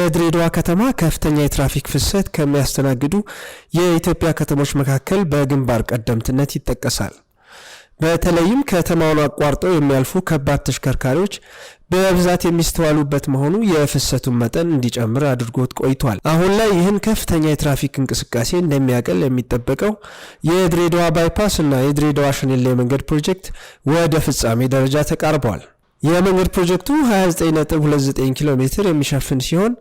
የድሬዳዋ ከተማ ከፍተኛ የትራፊክ ፍሰት ከሚያስተናግዱ የኢትዮጵያ ከተሞች መካከል በግንባር ቀደምትነት ይጠቀሳል። በተለይም ከተማውን አቋርጠው የሚያልፉ ከባድ ተሽከርካሪዎች በብዛት የሚስተዋሉበት መሆኑ የፍሰቱን መጠን እንዲጨምር አድርጎት ቆይቷል። አሁን ላይ ይህን ከፍተኛ የትራፊክ እንቅስቃሴ እንደሚያቀል የሚጠበቀው የድሬዳዋ ባይፓስ እና የድሬዳዋ ሽኔሌ የመንገድ ፕሮጀክት ወደ ፍጻሜ ደረጃ ተቃርቧል። የመንገድ ፕሮጀክቱ 29.29 ኪሎ ሜትር የሚሸፍን ሲሆን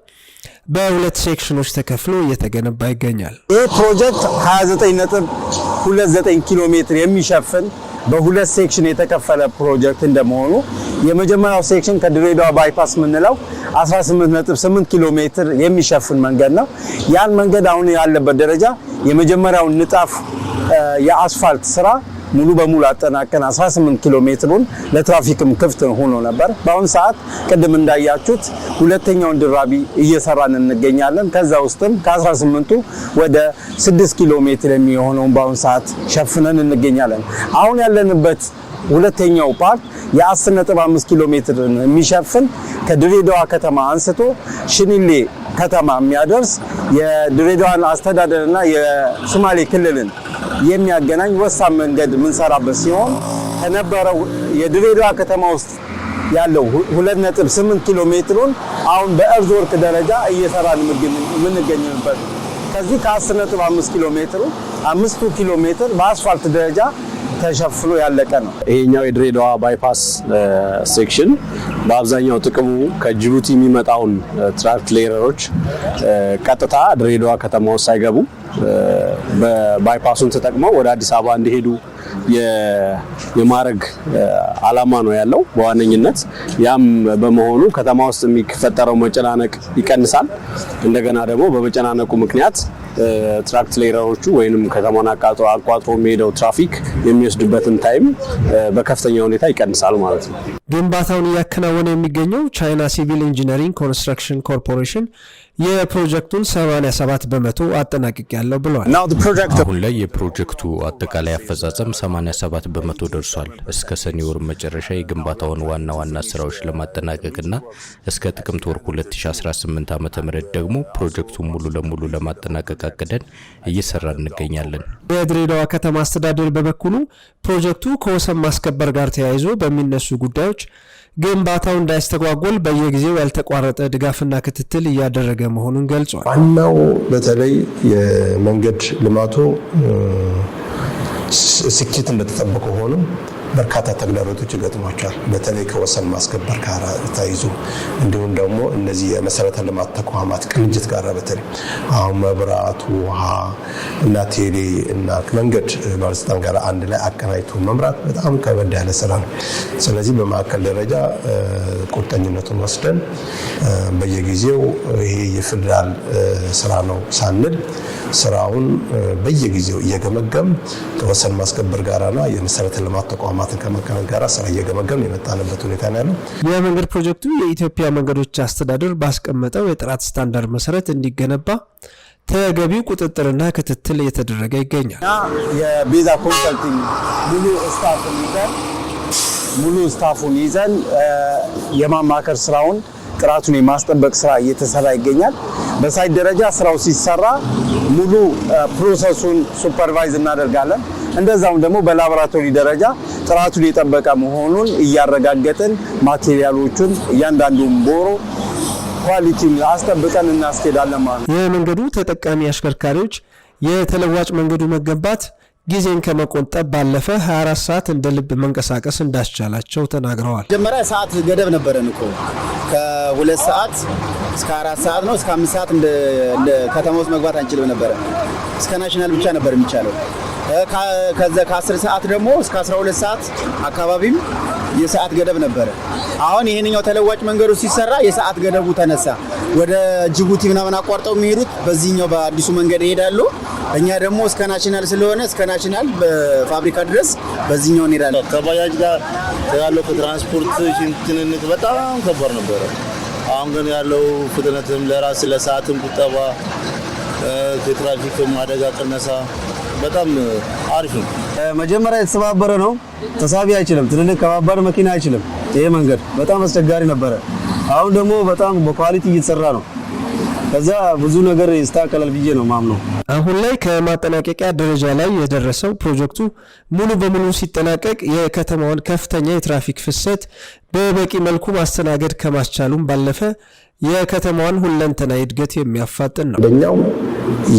በሁለት ሴክሽኖች ተከፍሎ እየተገነባ ይገኛል። ይህ ፕሮጀክት 29.29 ኪሎ ሜትር የሚሸፍን በሁለት ሴክሽን የተከፈለ ፕሮጀክት እንደመሆኑ የመጀመሪያው ሴክሽን ከድሬዳዋ ባይፓስ የምንለው 18.8 ኪሎ ሜትር የሚሸፍን መንገድ ነው። ያን መንገድ አሁን ያለበት ደረጃ የመጀመሪያውን ንጣፍ የአስፋልት ስራ ሙሉ በሙሉ አጠናቀን 18 ኪሎ ሜትሩን ለትራፊክም ክፍት ሆኖ ነበር። በአሁን ሰዓት ቅድም እንዳያችሁት ሁለተኛውን ድራቢ እየሰራን እንገኛለን። ከዛ ውስጥም ከ18ቱ ወደ 6 ኪሎ ሜትር የሚሆነውን በአሁን ሰዓት ሸፍነን እንገኛለን። አሁን ያለንበት ሁለተኛው ፓርት የ10.5 ኪሎ ሜትር የሚሸፍን ከድሬዳዋ ከተማ አንስቶ ሽኒሌ ከተማ የሚያደርስ የድሬዳዋን አስተዳደርና የሶማሌ ክልልን የሚያገናኝ ወሳኝ መንገድ የምንሰራበት ሲሆን ከነበረው የድሬዳዋ ከተማ ውስጥ ያለው 2.8 ኪሎ ሜትሩን አሁን በእርዝ ወርቅ ደረጃ እየሰራን የምንገኝበት ከዚህ ከ10.5 ኪሎ ሜትሩ 5 ኪሎ ሜትር በአስፋልት ደረጃ ተሸፍኖ ያለቀ ነው። ይሄኛው የድሬዳዋ ባይፓስ ሴክሽን በአብዛኛው ጥቅሙ ከጅቡቲ የሚመጣውን ትራክት ሌረሮች ቀጥታ ድሬዳዋ ከተማ ውስጥ ሳይገቡ ባይፓሱን ተጠቅመው ወደ አዲስ አበባ እንዲሄዱ የማድረግ አላማ ነው ያለው በዋነኝነት። ያም በመሆኑ ከተማ ውስጥ የሚፈጠረው መጨናነቅ ይቀንሳል። እንደገና ደግሞ በመጨናነቁ ምክንያት ትራክት ሌራዎቹ ወይንም ከተማን አቃጥሮ አቋጥሮ የሚሄደው ትራፊክ የሚወስድበትን ታይም በከፍተኛ ሁኔታ ይቀንሳል ማለት ነው። ግንባታውን እያከናወነ የሚገኘው ቻይና ሲቪል ኢንጂነሪንግ ኮንስትራክሽን ኮርፖሬሽን የፕሮጀክቱን 87 በመቶ ያለው ብለዋል። አሁን ላይ የፕሮጀክቱ አጠቃላይ አፈጻጸም 87 በመቶ ደርሷል። እስከ ሰኔ ወር መጨረሻ የግንባታውን ዋና ዋና ስራዎች ለማጠናቀቅና እስከ ጥቅምት ወር 2018 ም ደግሞ ፕሮጀክቱን ሙሉ ለሙሉ ለማጠናቀቅ አቅደን እየሰራ እንገኛለን። የድሬዳዋ ከተማ አስተዳደር በበኩሉ ፕሮጀክቱ ከወሰን ማስከበር ጋር ተያይዞ በሚነሱ ጉዳዮች ግንባታው እንዳይስተጓጎል በየጊዜው ያልተቋረጠ ድጋፍና ክትትል እያደረገ መሆኑን ገልጿል። ዋናው በተለይ የመንገድ ልማቱ ስኬት እንደተጠበቀ ሆኖ በርካታ ተግዳሮቶች ይገጥሟቸዋል። በተለይ ከወሰን ማስከበር ጋር ተያይዞ እንዲሁም ደግሞ እነዚህ የመሰረተ ልማት ተቋማት ቅንጅት ጋር በተለይ አሁን መብራት፣ ውሃ እና ቴሌ እና መንገድ ባለስልጣን ጋር አንድ ላይ አቀናጅቶ መምራት በጣም ከበድ ያለ ስራ ነው። ስለዚህ በማዕከል ደረጃ ቁርጠኝነቱን ወስደን በየጊዜው ይሄ የፌዴራል ስራ ነው ሳንል ስራውን በየጊዜው እየገመገም ከወሰን ማስከበር ጋራና የመሰረተ ልማት ተቋማት ልማትን ከመከመን ጋር ስራ እየገመገምን የመጣንበት ሁኔታ ነው ያለው። የመንገድ ፕሮጀክቱ የኢትዮጵያ መንገዶች አስተዳደር ባስቀመጠው የጥራት ስታንዳርድ መሰረት እንዲገነባ ተገቢው ቁጥጥርና ክትትል እየተደረገ ይገኛል። የቤዛ ኮንሰልቲንግ ሙሉ ስታፉን ይዘን ሙሉ ስታፉን ይዘን የማማከር ስራውን ጥራቱን የማስጠበቅ ስራ እየተሰራ ይገኛል። በሳይት ደረጃ ስራው ሲሰራ ሙሉ ፕሮሰሱን ሱፐርቫይዝ እናደርጋለን። እንደዛውም ደግሞ በላቦራቶሪ ደረጃ ጥራቱን የጠበቀ መሆኑን እያረጋገጥን ማቴሪያሎቹን እያንዳንዱን ቦሮ ኳሊቲን አስጠብቀን እናስኬዳለን ማለት ነው። የመንገዱ ተጠቃሚ አሽከርካሪዎች የተለዋጭ መንገዱ መገንባት ጊዜን ከመቆጠብ ባለፈ 24 ሰዓት እንደ ልብ መንቀሳቀስ እንዳስቻላቸው ተናግረዋል። መጀመሪያ ሰዓት ገደብ ነበረን እኮ ከሁለት ሰዓት እስከ አራት ሰዓት ነው እስከ አምስት ሰዓት ከተማ ውስጥ መግባት አንችልም ነበረ። እስከ ናሽናል ብቻ ነበር የሚቻለው ከዛ ከ10 ሰዓት ደግሞ እስከ 12 ሰዓት አካባቢም የሰዓት ገደብ ነበረ። አሁን ይሄንኛው ተለዋጭ መንገዱ ሲሰራ የሰዓት ገደቡ ተነሳ። ወደ ጅቡቲ ምናምን አቋርጠው የሚሄዱት በዚህኛው በአዲሱ መንገድ ይሄዳሉ። እኛ ደግሞ እስከ ናሽናል ስለሆነ እስከ ናሽናል በፋብሪካ ድረስ በዚህኛው እንሄዳለን። ከባጃጅ ጋር ያለው ከትራንስፖርት ትንንቅ በጣም ከባድ ነበረ። አሁን ግን ያለው ፍጥነትም ለራስ ለሰዓትም ቁጠባ ከትራፊክም አደጋ ቅነሳ በጣም አሪፍ ነው። መጀመሪያ የተሰባበረ ነው። ተሳቢ አይችልም። ትልልቅ ከባባድ መኪና አይችልም። ይሄ መንገድ በጣም አስቸጋሪ ነበረ። አሁን ደግሞ በጣም በኳሊቲ እየተሰራ ነው። ከዛ ብዙ ነገር ይስተካከላል ብዬ ነው ማምነው። አሁን ላይ ከማጠናቀቂያ ደረጃ ላይ የደረሰው ፕሮጀክቱ ሙሉ በሙሉ ሲጠናቀቅ የከተማውን ከፍተኛ የትራፊክ ፍሰት በበቂ መልኩ ማስተናገድ ከማስቻሉም ባለፈ የከተማዋን ሁለንተናዊ እድገት የሚያፋጥን ነው። አንደኛው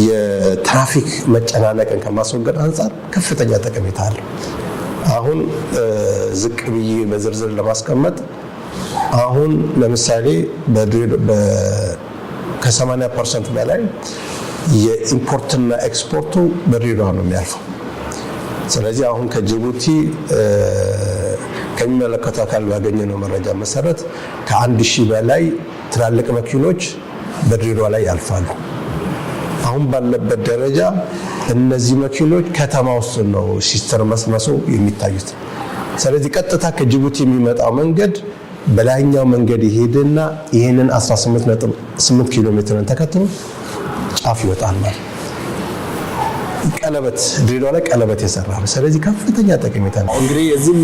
የትራፊክ መጨናነቅን ከማስወገድ አንጻር ከፍተኛ ጠቀሜታ አለው። አሁን ዝቅ ብዬ በዝርዝር ለማስቀመጥ አሁን ለምሳሌ ከ80 ፐርሰንት በላይ የኢምፖርትና ኤክስፖርቱ በድሬዳዋ ነው የሚያልፈው። ስለዚህ አሁን ከጅቡቲ ከሚመለከቱ አካል ባገኘነው መረጃ መሰረት ከአንድ ሺህ በላይ ትላልቅ መኪኖች በድሬዳዋ ላይ ያልፋሉ። አሁን ባለበት ደረጃ እነዚህ መኪኖች ከተማ ውስጥ ነው ሲስተር መስመሰው የሚታዩት። ስለዚህ ቀጥታ ከጅቡቲ የሚመጣው መንገድ በላይኛው መንገድ ይሄድና ይህንን 18 ኪሎ ሜትርን ተከትሎ ጫፍ ይወጣል ማለት ቀለበት ድሬዳዋ ላይ ቀለበት የሰራ ነው። ስለዚህ ከፍተኛ ጠቀሜታ ነው። እንግዲህ እዚህም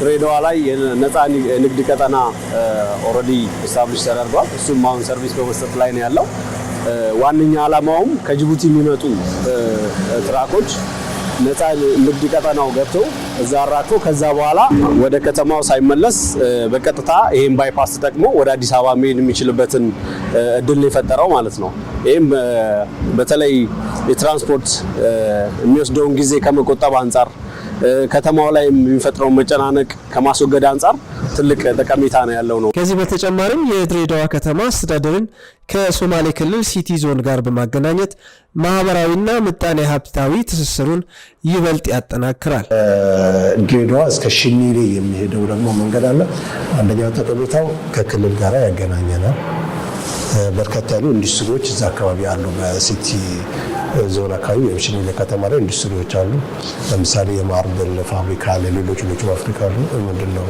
ድሬዳዋ ላይ ነፃ ንግድ ቀጠና ኦልሬዲ ስታብሊሽ ተደርጓል። እሱም አሁን ሰርቪስ በመስጠት ላይ ነው ያለው። ዋነኛ ዓላማውም ከጅቡቲ የሚመጡ ትራኮች ነፃ ንግድ ቀጠናው ገብተው እዛ አራክቶ ከዛ በኋላ ወደ ከተማው ሳይመለስ በቀጥታ ይህም ባይፓስ ተጠቅሞ ወደ አዲስ አበባ መሄድ የሚችልበትን እድል የፈጠረው ማለት ነው። ይህም በተለይ የትራንስፖርት የሚወስደውን ጊዜ ከመቆጠብ አንጻር ከተማው ላይ የሚፈጥረው መጨናነቅ ከማስወገድ አንጻር ትልቅ ጠቀሜታ ነው ያለው ነው። ከዚህ በተጨማሪም የድሬዳዋ ከተማ አስተዳደርን ከሶማሌ ክልል ሲቲ ዞን ጋር በማገናኘት ማህበራዊና ምጣኔ ሀብታዊ ትስስሩን ይበልጥ ያጠናክራል። ድሬዳዋ እስከ ሽኒሌ የሚሄደው ደግሞ መንገድ አለ። አንደኛው ጠቀሜታው ከክልል ጋር ያገናኘናል። በርከት ያሉ ኢንዱስትሪዎች እዛ አካባቢ አሉ። በሲቲ ዞን አካባቢ በቢሽኔሌ ከተማ ላይ ኢንዱስትሪዎች አሉ። ለምሳሌ የማርብል ፋብሪካ አለ። ሌሎች ሌሎች አፍሪካ አሉ ምንድን ነው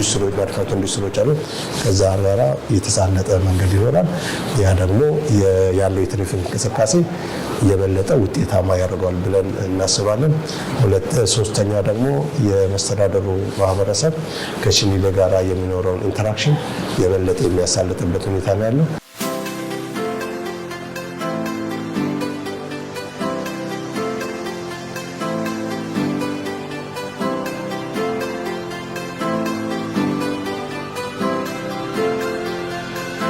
ኢንዱስትሪዎች፣ በርካታ ኢንዱስትሪዎች አሉ። ከዛ ጋራ የተሳለጠ መንገድ ይሆናል። ያ ደግሞ ያለው የትሪፍ እንቅስቃሴ የበለጠ ውጤታማ ያደርገዋል ብለን እናስባለን። ሶስተኛ ደግሞ የመስተዳደሩ ማህበረሰብ ከሽኒሌ ጋራ የሚኖረውን ኢንተራክሽን የበለጠ የሚያሳልጥበት ሁኔታ ነው ያለው።